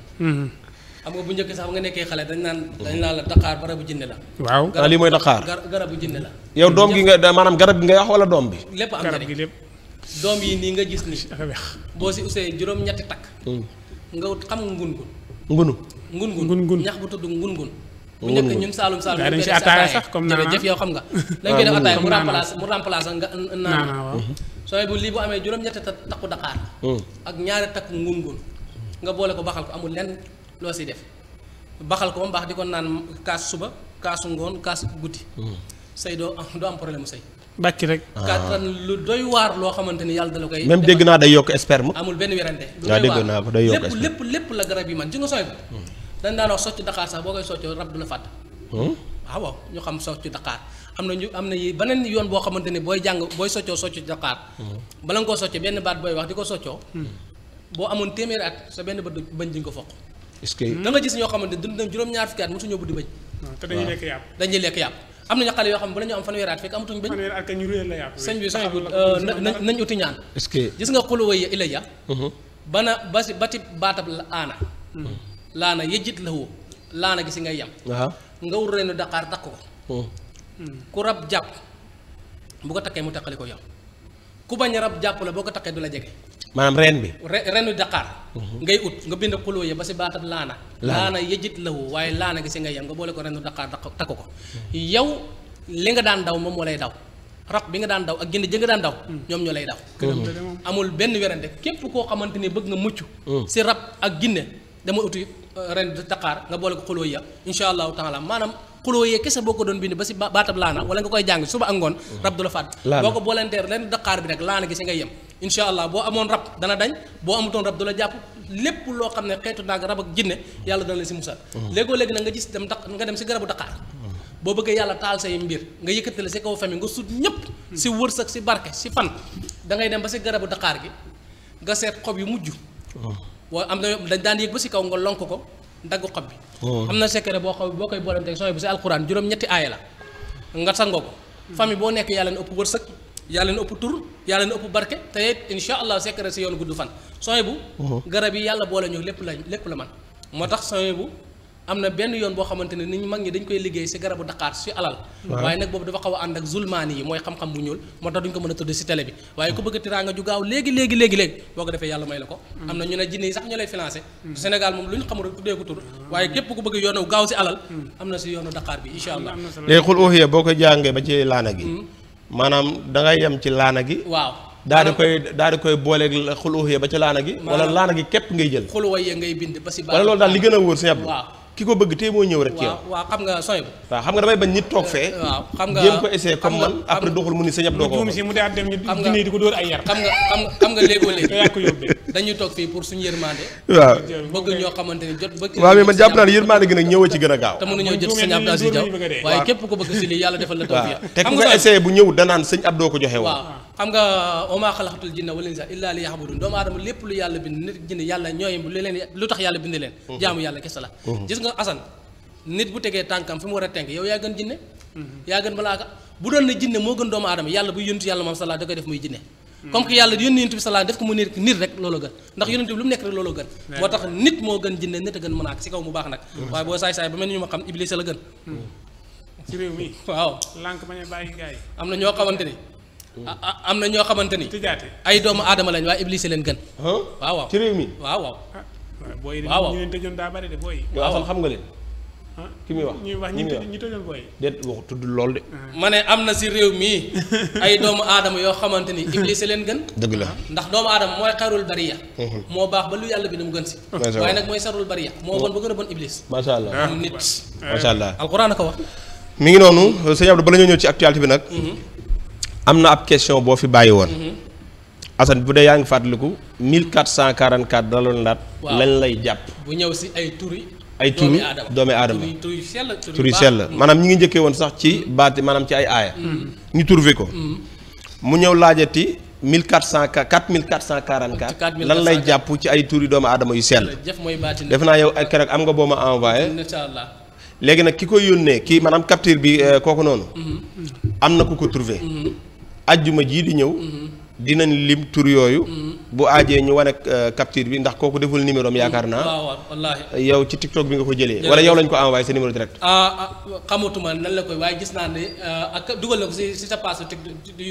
xam nga bu njëkk sax nga nekkee xale dañ naan dañ naan la daqaar garabu jinne la waaw lii mooy daqaar garabu jinne la yow doom gi nga maanaam garab gi ngay wax wala doom bi lépp am na doom yi nii nga gis nii. boo si usee juróom-ñetti takk. Mm. nga xam nga ngun-ngun. ngunu. ngun-ngun ñax bu tudd ngun-ngun. bu njëkk ñun Saalum Saalum. dañ si ataaya sax comme naan jërëjëf yow xam nga. dañ koy def ataaya mu remplace mu remplace nga naana waaw mm-hmm. sooy bu lii bu amee juróom-ñetti takku daqaar. Mm. ak ñaari takku ngun-ngun. nga boole ko baxal ko amul lenn loo si def. baxal ko ba mu di ko naan kaas suba kaasu ngoon kaas guddi. Mm. sëy doo am doo am problème mu sëy bàcc rek. Ah. kattan lu doy waar loo xamante ni yàlla dala koy. même dégg naa day yokk sperme. amul benn werante. waaw dégg naa ko day yokk sperme lépp lépp la garab yi man ji nga sooy ko. Hmm. dañ daan wax socc daqaar sax boo koy hmm? ah, na ñu na yi beneen yoon boo xamante ni booy jàng booy soccoo socc daqaar. Hmm. bala nga koo soccee benn baat booy wax di ko soccoo. boo amoon téeméeri at sa benn bët bañ di nga ko foq. est-ce que da nga gis ñoo xamante ne dund juróom-ñaar fukki at mosuñoo buddi bëj. te dañuy lekk yàpp am nañu xale yoo xam bu la ñu am fanweeri at fekk amatuñ bëñ fanweeri at kañ ñu réer la yàqu sëñ bi sëñ bi euh, nañ uti ñaan est-ce que gis nga xuluwa ya ilayya bana basi bati baatab la aana laana yëjit la woo laana gi si ngay yam nga wut reenu daqaar takk ko hmm. ku rab jàpp bu ko takkee mu takkali ko yow ku bañ rab jàpp la boo ko takkee du la jege maanaam reen bi. renu daqaar. Mhm. ngay ut nga bind xuloo ya ba si baatab laana. laana yëjit la woo waaye laana gi si nga yem nga boole ko renu daqaar takku ko. yow li nga daan daw moom moo lay daw. rab bi nga daan daw ak génn jë nga daan daw hmm. ñoom ñoo lay daw amul benn werante képp koo xamante ne bëgg nga mucc hmm. si rab ak ginne dama uti euh, ren daqaar nga boole ko xuloo ya insha allahu taala maanaam xuloo yee kese boo ko doon bind ba si baatab laana wala nga koy jàng suba ngoon hmm. rab du la ko booleentee ren daqaar bi rek laana gi si nga yem incha allah boo amoon rab dana dañ boo amutoon rab du la jàpp lépp loo xam ne xeetu naag rab ak jinne yàlla dana la si musal mm-hmm. léegoo léegi na nga gis dem daq nga dem si garabu daqaar mm-hmm. boo bëggee yàlla taal say mbir nga yëkkatale si kaw famille nga sut ñépp si mm-hmm. wërsëg si barke si fan dangay dem ba si garabu daqaar gi nga seet xob yi mujj oh. waaw am na dañ daan yëg ba si kaw nga lonk ko dagg xob bi oh. am na secret boo xob boo koy booleem teg sooy bi si alquran juróom la nga sangoo ko boo nekk yàlla ne ëpp wërsëg yàlla na ëpp tur yàlla leen ëpp barke te it incha allah secret si yoon gudd fan sooy bu uh-huh. garab yi yàlla boole ñu lépp la lépp la man moo tax sooy bu am na benn yoon boo xamante ne nit ñi mag ñi dañ koy liggéey si garabu daqaar si alal waaye nag boobu dafa xaw a ànd ak zulmaani yi mooy xam-xam bu ñuul moo tax duñ ko mën a tudd si télé bi waaye ku bëgg a tiraanga ju gaaw léegi léegi léegi boo ko defee yàlla may la ko mm. am na ñu ne jinne yi sax ñu lay financé mm. Sénégal moom lu ñu xamul tuddee ko tur waaye mm. képp ku bëgg yoonu gaaw si alal am na si yoonu daqaar bi incha allah léegi xul boo ko jàngee ba ci laana maanaam da ngay yem ci laana gi. waaw daal di koy daal di koy booleeg xuluux ya ba ci laana gi. wala laana gi képp ngay jël. xuluwa ya ngay bind ba si. wala loolu daal li gën a wóor si waaw ki ko bëgg tey moo ñëw rek. ci yow xam nga sooy. waaw xam nga damay bañ nit toog fee. ko dañuy toog fii pour suñu yërmande. waaw bëgg ñoo xamante ni jot. bëgg waaw mais man jàpp naa ne gi nag ñëw a ci gën a gaaw. te mënuñoo jot sëñ Abdou Aziz Diaw waaye képp ko bëgg si lii yàlla defal la tawfiya. te ku ko essayé bu ñëw danaan sëñ Abdou ko joxe xam nga wa maa xalaqtul jinna wal insa illa li yaxbudun doomu aadama lépp lu yàlla bind nit jinne yàlla ñooy lu leen lu tax yàlla bind leen jaamu yàlla kese la gis nga asan nit bu tegee tànkam fi mu war a tënk yow yaa gën jinne yaa gën malaaka bu doon ne jinne moo gën doomu aadama yàlla bu yóntu yàlla moom salaa da koy def muy jinne comme que yàlla yónni yonent bi salaa def ko mu nekk nit rek loolu gën ndax yonent bi lu mu nekk rek moo tax nit moo gën jinne nit a gën mënaak ba a bàyyi am na ñoo xamante ni Ah, ah, am na ñoo xamante ni. tijaate ay doomu aadama lañ waaye iblis leen gën. waaw waaw ci réew mi waaw waaw. Ah, booy ñu leen tëjoon daa bari de booy waaw xam nga leen. ki muy wax ñuy wax ñi ñi tëjoon booy déet waxu tudd lool de. ma ne am na si réew mii ay doomu aadama yoo xamante ni iblis leen gën. dëgg la ndax doomu aadama mooy xarul bariya. Mhm. moo baax ba lu yàlla bi ni gën si. waaye nag mooy sarul bariya moo bon ba gën a bon iblis. macha allah nit. macha a ko wax. mi ngi noonu sëñ Abdou bala ñoo ñëw ci actualité bi nag mhm. am na ab question boo fi bàyyi woon. Mhm. Assane bu dee yaa ngi cent fàttaliku 1444 daloon naat. lañ lay jàpp. bu ñëw si ay turi. ay turu doomi aadama turi sell mhm. maanaam ñi ngi njëkkee woon sax ci mhm. baat maanaam ci ay aaya ñu trouvé ko mu ñëw laajati mille quatre cent quatre mille quatre cent quarante quatre lan lay jàpp ci ay turi doomi aadama yu sell def naa yow ak keroog am nga boo ma envoyé léegi nag ki koy yónnee kii maanaam capture bi euh, kooku noonu am na ku ko trouvé ajjuma jii di ñëw mm-hmm. dinañ lim tur yooyu mm-hmm. bu aajee ñu wane euh, capture bi ndax kooku deful numéro yaakaar naa mm-hmm. yow ci tiktok bi nga ko jëlee wala yow lañ ko envoyé ah, ah, waaye gis naa ne euh, ak dugal na ko si si sa page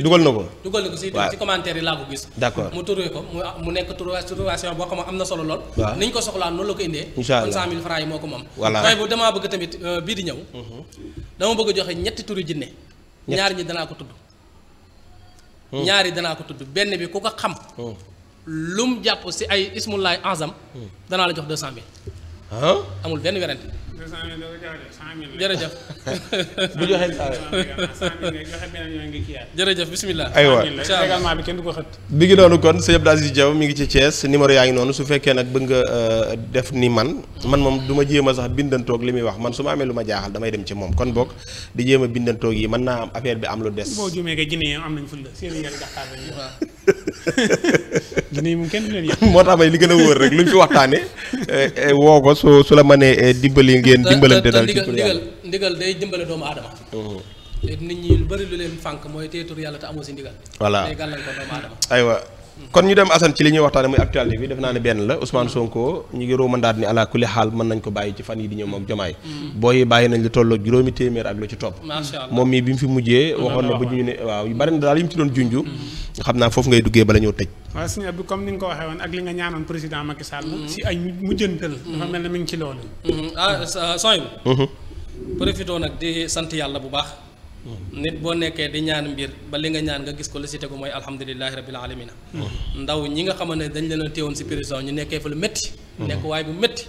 dugal na ko dugal na ko si si commentaire yi laa ko gis d'accord mu turee ko mu mu nekk turation boo xam am na solo lool ni ñu ko soxlaa noonu la ko indee incha allah cent mille francs yi moo ko moom waaye bu damaa bëgg tamit euh, bii di ñëw dama bëgg joxe ñetti ko tudd Hmm. ñaari danaa ko tudd benn bi ku ko xam hmm. lum jàpp si ay ismullahi azam hmm. danaa la jox de cent mille amul benn werante jërëjëf. bu joxe saa jërëjëf bisimilah. aywa également bi kenn du bi ngi noonu kon sëñ Abdou Aziz Diaw mi ngi ci Thiès numéro yaa ngi noonu su fekkee nag bëgg nga euh, def ni man man moom du ma jéem a sax bindantoog li muy wax man su ma amee lu ma jaaxal damay dem ci moom kon boog di jéem a bindantoog yi mën naa am affaire bi am lu des. boo juumee kay am nañ ful la i moo tax may li gën a wóor rek luñ fi waxtaanee eh, eh, woo ko su su la mënee eh, dimbali ngeen dimbalante daal ci tur yàlla ndigal ndigal day dimbale doomu aadama oh. te nit ñi lu bari lu leen fànk mooy teetur yàlla te amoo si ndigal voilà day gàllankoor doomu aadama aywa kon ñu dem Assane ci li ñuy waxtaane muy actualité bi def naa ne benn la Ousmane Sonko ñu ngi ruumandaat ni ala kulli xaal mën nañ ko bàyyi ci fan yi di ñëw mook jomaay mm. booy bàyyi nañ lu tolloo juróomi téeméer ak lu ci topp moom mii bi mu fi mujjee waxoon na bu ñu ne waaw bari na daal yi mu ci doon junj mm. xam naa foofu ngay duggee bala ñëw tëj waaw sëñ Abdou comme ni nga ko waxee woon ak li nga ñaanoon président Macky Sall si mm. ay mujjantal dafa mel ne mi mm-hmm. ah, mm-hmm. bu baax nit boo nekkee di ñaan mbir ba li nga ñaan nga gis ko la si tegu mooy alhamdulilahi rabil alamina hmm. ndaw ñi nga xamante ne dañ leen a téewoon si prison ñu nekkee fa lu métti nekk waay bu métti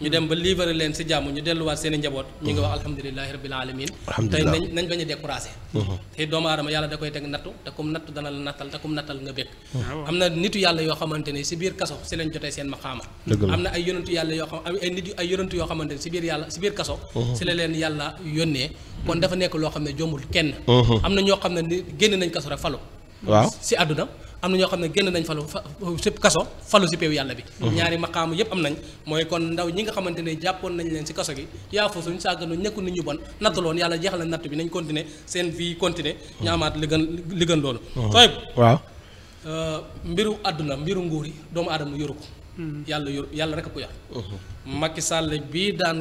ñu dem ba livrer leen si jàmm ñu delluwaat seen i njaboot ñu ngi wax alhamdulilahi rabbil alamin tey nañ nañ bañ a découragé uh-huh. te doomu aadama yàlla da koy teg nattu te kum nattu dana la nattal te kum nattal nga bëgg uh-huh. am na nitu yàlla yoo xamante ne si biir kaso si lañ jotee seen maqaama am na ay yonentu yàlla yoo xam ay nit ay yonentu yoo xamante ne si biir yàlla si biir kaso uh-huh. si la leen yàlla yónnee kon dafa nekk loo xam ne jombul kenn am na ñoo xam ne génn nañ kaso rek falu waaw si àdduna am na ñoo xam ne génn nañ falu si kaso falu si peew yàlla bi mm-hmm. ñaari maqaamu yëpp am nañ mooy kon ndaw ñi nga xamante ne jàppoon nañ leen si kaso gi yaa fa suñ sàgganoon nekkul nit ñu bon nattaloon yàlla jeexal na natt bi nañ continuer seen vie continuer mm-hmm. ñaamaat amaat li gën li gën loolu mm-hmm. sooy euh, mbiru àdduna mbiru nguur yi doomu aadama yoru ko yàlla yor yàlla rek a ko yor Macky bi bii daan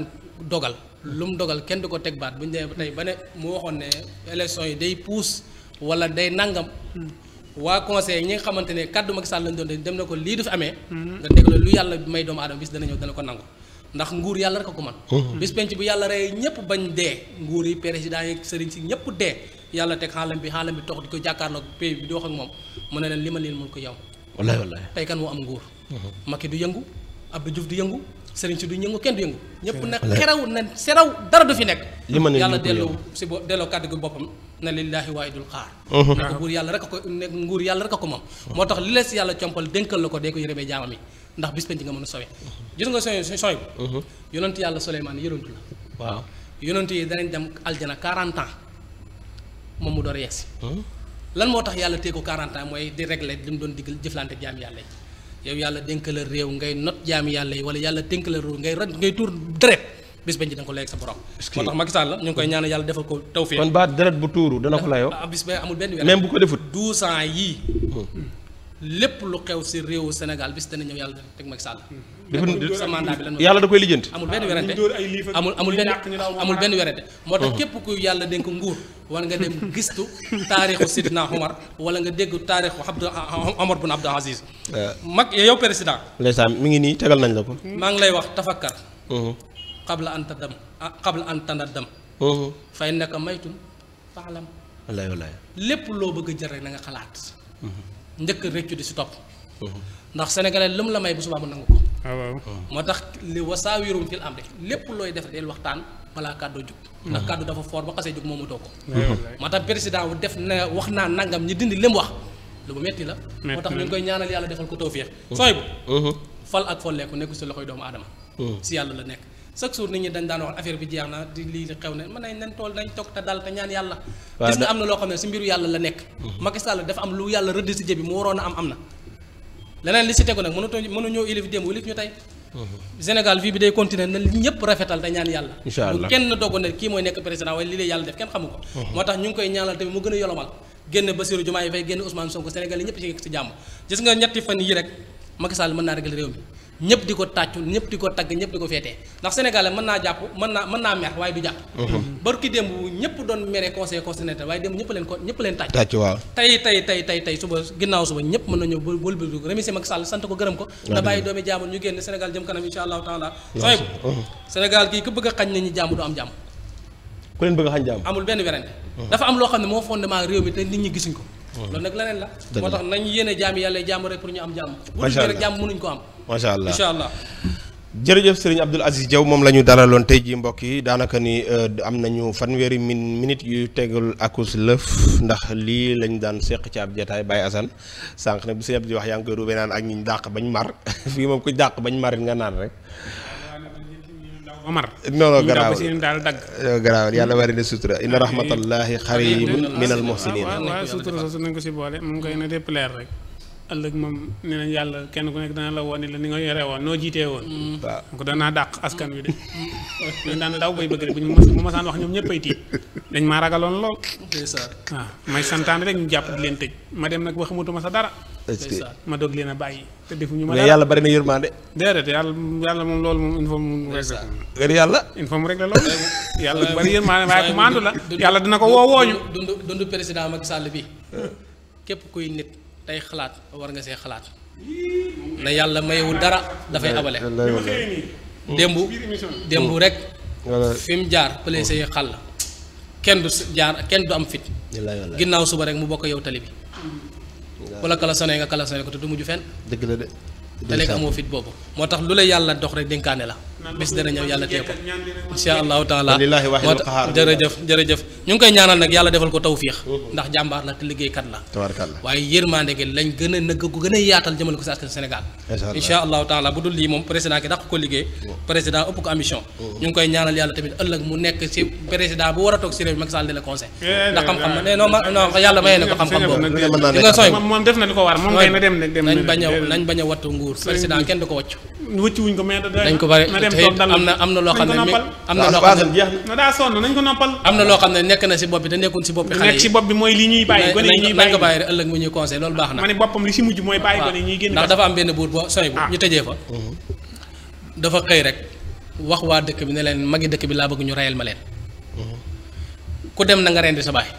dogal lu mu dogal kenn du ko teg baat bu ñu demee tey ba ne mu waxoon ne élection yi day puus wala day nangam waa conseil ñi nga xamante ne kaddu Macky Sall lañ doon dem na ko lii du fi amee. Mm-hmm. nga dégg la lu yàlla may doomu aadama bis dana ñëw dana ko nangu. ndax nguur yàlla rek ko man mm-hmm. bis penc bu yàlla rey ñëpp bañ dee nguur yi président yi sëriñ si ñëpp dee yàlla teg xaalam bi xaalam ko jàkkaarloo pays bi di wax ak moom mu ne leen li ma leen mën ko yow wallaay wallaay tey mm-hmm. du yëngu du yëngu sëriñ si du yëngu kenn du yëngu ñëpp nag xeraw na seraw dara du fi nekk yàlla delloo si bo delloo kàddu gi boppam na lillaahi waahidul xaar na ko buur yàlla rek a ko ne nguur yàlla rek a ko moom uh-huh. moo tax li la si yàlla compal dénkal la ko dee ko yërëmee jaamam yi ndax bis penc nga mën a sowe uh-huh. gis nga sowe sowe bu uh-huh. yonent yàlla Suleymaan yërëntu la waaw yonent yi danañ dem aljana 40 ans moom mu door a yegsi lan moo tax yàlla téye ko mooy di régler li mu doon diggal jëflante jaam yàlla yi yow yàlla dénk la réew ngay not jaam yàlla yi wala yàlla dénk la réew ngay ngay tuur deret bis bañ ko léegi sa borom moo tax Macky Sall ñu ngi koy ñaanal yàlla defal ko tawfeex kon baat deret bu tuuru dana ko ah, layoo ah, bis ba amul benn weer hmm. lépp lu xew si réewu bis dana ñëw yàlla teg Macky Sall defut sa mandat bi da koy lijjanti amul benn werante amul benn amul benn werante moo tax hmm. képp ku yàlla dénk nguur wala nga dem gistu taarixu Sidina Omar wala nga dégg taarixu Abdou Omar bun Abdou Aziz eh. mag yow président ndeysaan mi ngi nii tegal nañ la ko maa ngi lay wax tafakkar hmm. qabla an tadam ah, qabla an tanaddam fa innaka maytun faalam wallaay wallaay lépp loo bëgg a jël rek na nga xalaat mm-hmm. njëkk réccu di si topp ndax sénégalais lu mu la may bu subaa mu nangu ko ah, moo tax li wasaawirum fil amri lépp looy def del waxtaan balaa kàddu jug ndax mm-hmm. kàddu dafa foor ba xasee jug moomu doo ko ah, moo tax président wu def na wax naa nangam ñi dindi lim wax lu mu metti la moo tax ñu koy ñaanal yàlla defal ko tawfiix sooy bu fal ak folleeku nekku si loxoy doomu aadama si yàlla la nekk chaque jour nit ñi dañ daan wax affaire bi jeex na di lii xew na mën nañ nañ tool nañ toog te dal te ñaan yàlla gis nga am na loo xam ne si mbiru yàlla la nekk mhm. Macky Sall dafa am lu yàlla rëdd si jë a am am na leneen li si tegu nag mënutoo mënu ñëw élif démb élif ñu tey mhm. Sénégal vie bi kenn xamu ko mhm. moo tax ñu ngi koy ñaanal tamit mu gën a yolomal génn Bassirou Diomaye Faye génn Ousmane Sonko Sénégal yi ñëpp ci nekk si jàmm gis nga ñetti fan yi rek Macky mën naa réglé réew mi ñëpp di ko tàccu ñëpp di ko tagg ñëpp di ko féetee ndax sénégalais mën naa jàpp mën naa mën naa mer waaye du jàpp mhm. barki démb ñëpp doon mere conseil constitutionnel waaye démb ñëpp leen ko ñëpp leen bëgg a xañ na ñu jaamu du am jàmm ku leen a xañ jàmm amul benn werante mhm. dafa am loo xam ne moo fondement réew mi te nit ñi gisuñ ko mhm. loolu nag leneen la moo tax nañ yéene jaam yàlla jàmm rek pour ñu am jàmm bu ñu rek jàmm mënuñ ko am macha allah incha allah. jërëjëf sëriñ Abdoul Aziz Diaw moom la ñu dalaloon tey jii mbokk yi daanaka ni am nañu fanweeri min minutes yu tegul akus lëf ndax lii lañ daan seq ci ab jotaay Baye Assane sànq ne bu sëriñ Abdou wax yaa ngi koy ruubee naan ak ñu dàq bañ mar fii moom ku dàq bañ marit nga naan rek. Omar non non garaaw garaaw yàlla bari na sutura inna rahmatallahi xaribun minal rek ëllëg moom nee nañ yàlla kenn ku nekk dana la woon ni la ni nga yore woon noo jiitee woon waaw ko danaa dàq askan wi de ñu daan daw bay bëgg de bu ñu bu wax ñoom ñëpp dañ maa ragaloon lool waaw may santaane rek ñu jàpp di leen tëj ma dem nag ba xamatuma sa dara ma doog leen a bàyyi te defuñu ma yàlla bari na yërmande déedéet yàlla yàlla moom loolu moom il mu nga ni yàlla il faut mu régler loolu yàlla bari yërmande waaye ku maandu la yàlla dina ko woo wooñu dund dund président sàll bi képp kuy nit tey xalaat war nga see xalaat na yàlla mayewu dara dafay abale démb démb rek fi mu jaar pële say xàll kenn du jaar kenn du am fit ginnaaw suba rek mu bokk yow tali bi wala kala sonee nga kala sonee ko te du mujju fenn dëgg la de te amoo fit boobu moo tax lu la yàlla dox rek dénkaane la bis dana ñëw yàlla tee ko insha allahu taala moo tax jërëjëf jërëjëf ñu ngi koy ñaanal nag yàlla defal ko tawfiix ndax jàmbaar la te liggéeykat la waaye yërmande lañ gën a nëgg gu gën a yaatal jëmale ko si askan Sénégal insha allahu taala bu dul lii moom président ki daq ko liggéey président ëpp ko ambition ñu ngi koy ñaanal yàlla tamit ëllëg mu nekk si président bu war a toog si réew mi Macky la conseil eh, eh, ndax xam-xam eh, ma ne non non yàlla xam a a am na am na loo xam ne am na loo xam ne daa sonn nañ ko noppal am na loo xam ne nekk na si bopp bi te nekkul si bopp bi xale yi nekk si bopp bi mooy li ñuy bàyyi gone yi ñuy bàyyi nañ ko bàyyi rek ëllëg mu ñuy conseil loolu baax na ma ne boppam li si mujj mooy bàyyi gone yi ñuy génn ndax dafa am benn buur boo soñ bu ah. ñu tëjee fa mhm. dafa xëy rek wax waa dëkk bi ne leen magi dëkk bi laa bëgg ñu reyal ma leen mhm. ku dem na nga rendi sa baay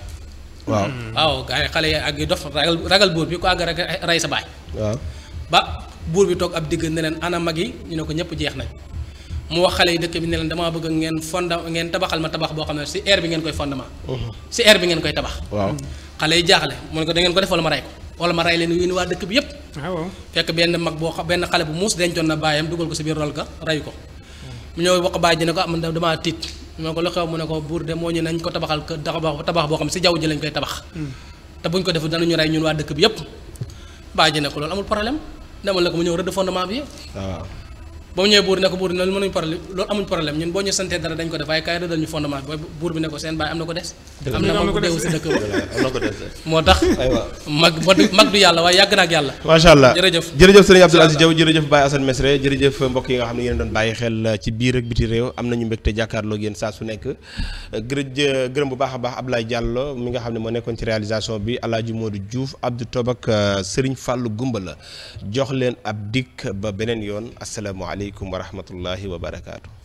waaw hmm. waaw gars yi xale yi ak dof ragal ragal buur bi ku àgg rek rey sa baay waaw ba buur bi toog ab digg ne leen ana mag yi ñu ne ko ñëpp jeex nañ mu wax xale yi dëkk bi ne leen damaa bëgg ngeen fonda ngeen tabaxal ma tabax boo xam ne si air bi ngeen koy fondement mhm. si air bi ngeen koy tabax waaw xale yi jaaxle mu ne ko da ngeen ko def wala ma rey ko wala ma rey leen yéen waa dëkk ah, muus dencoon na baayam dugal ko si biir rol ga rey ko mu ñëw wax baay ji ne ko am ah, damaa tiit mu ne ko lu mu ne ko buur de moo ñu nañ ko tabaxal tabax boo xam si jaww ji lañ koy tabax hmm. te buñ ko defu danañu rey ñun waa dëkk bi yépp baay ji ne ko loolu amul problème demal na ko mu ñëw rëdd fondement bi waaw ba mu ñëwee buur ne ko buur loolu mënuñ problème loolu amuñ problème ñun boo ñu santee dara dañ ko def waaye kaay rëddal ñu fondement bi buur bi ne ko seen baay am na ko des moo tax mag mag du yàlla waaye yàgg na ak yàlla macha allah jërëjëf jërëjëf sëriñ Abdoul Aziz Diaw jërëjëf Baye Assane Mesre jërëjëf mbokk yi nga xam ne yéen doon bàyyi xel ci biir ak biti réew am nañu mbégte jàkkaarloo yéen su nekk gërëm bu baax a baax Ablaye mi nga xam ne moo nekkoon ci réalisation bi Alaaji di Diouf Abdou Tobak euh, Sëriñ fàll Gumba la jox leen ab dikk ba beneen yoon asalaamaaleykum aleykum wa rahmatullahi wa barakaatu.